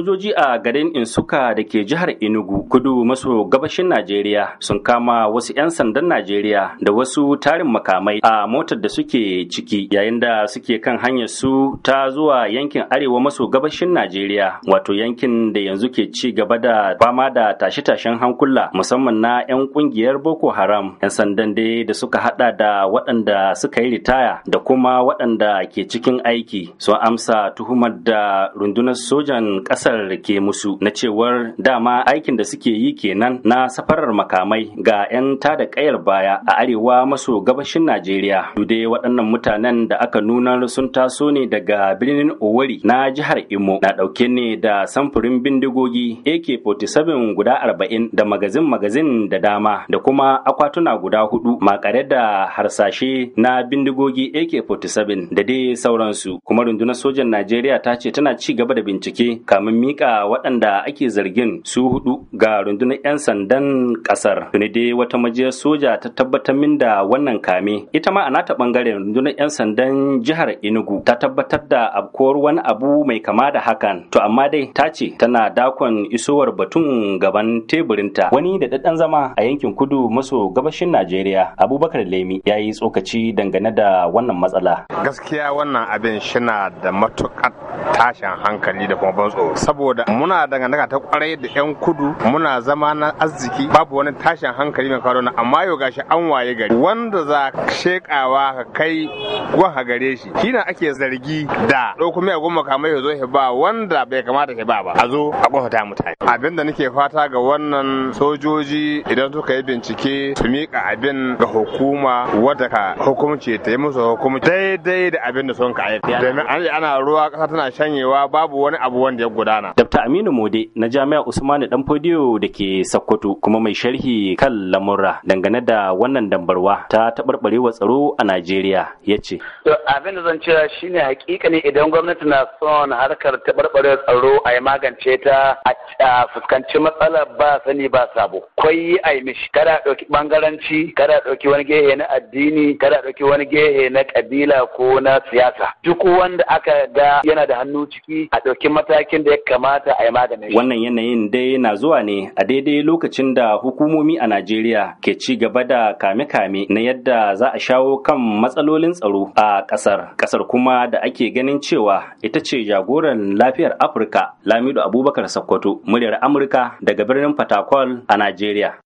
Sojoji a garin Insuka da ke jihar Enugu kudu maso gabashin Najeriya sun kama wasu 'yan sandan Najeriya da wasu tarin makamai a motar da suke ciki yayin da suke kan hanyar su ta zuwa yankin arewa maso gabashin Najeriya wato yankin da yanzu ke ci gaba da fama da tashe-tashen hankula musamman na 'yan kungiyar Boko Haram 'yan sandan dai da suka hada da waɗanda suka yi ritaya da kuma waɗanda ke cikin aiki sun amsa tuhumar da rundunar sojan ƙasar amsar musu na cewar dama aikin da suke yi kenan na safarar makamai ga 'yan ta da kayar baya a arewa maso gabashin Najeriya. Dude waɗannan mutanen da aka nuna sun taso ne daga birnin Owari na jihar Imo na ɗauke ne da samfurin bindigogi AK-47 guda 40 da magazin-magazin da dama da kuma akwatuna guda hudu makare da harsashe na bindigogi AK-47 da dai sauransu. Kuma rundunar sojan Najeriya ta ce tana ci gaba da bincike kamin mika waɗanda ake zargin su hudu ga rundunar 'yan sandan ƙasar. Tuni dai wata majiyar soja ta tabbatar min da wannan kame. Ita ma a nata ɓangaren rundunar 'yan sandan jihar Inugu. ta tabbatar da abkuwar wani abu mai kama da hakan. To amma dai ta ce tana dakon isowar batun gaban teburinta. Wani da daɗan zama a yankin kudu maso gabashin Najeriya Abubakar Lemi ya yi tsokaci dangane da wannan matsala. Gaskiya wannan abin shina da matuƙar tashin hankali da kuma ban tsoro saboda muna dangantaka ta kwarai da yan kudu muna zama na arziki babu wani tashin hankali mai faru na amma yau gashi an waye gari wanda za shekawa ka kai gwan gare shi shine ake zargi da ɗauko mai goma kama ya zo ba wanda bai kamata ya ba ba a zo a kwafata mutane abin da nake fata ga wannan sojoji idan suka yi bincike su mika abin ga hukuma wadda ka hukumce ta yi musu hukumci daidai da abin da sun ka aika domin ana ruwa kasa tana yana babu wani abu wanda ya gudana. Dr. Aminu Mode na Jami'a Usmanu fodiyo da ke Sokoto kuma mai sharhi kan lamurra dangane da wannan dambarwa ta taɓarɓarewa tsaro a Najeriya ya ce. To abin da zan ce shine hakika ne idan gwamnati na son harkar taɓarɓarewa tsaro a yi magance ta a fuskanci matsala ba sani ba sabo. Kwai a yi mishi kada ɗauki ɓangaranci kada ɗauki wani gehe na addini kada ɗauki wani gehe na kabila ko na siyasa. Duk wanda aka ga yana da hannu ciki a ɗauki matakin da ya kamata a yi maganin wannan yanayin dai na zuwa ne a daidai lokacin da hukumomi a najeriya ke ci gaba da kame-kame na yadda za a shawo kan matsalolin tsaro a ƙasar ƙasar kuma da ake ganin cewa ita ce jagoran lafiyar afirka lamido abubakar sakkwato muryar amurka daga birnin fatakwal a najeriya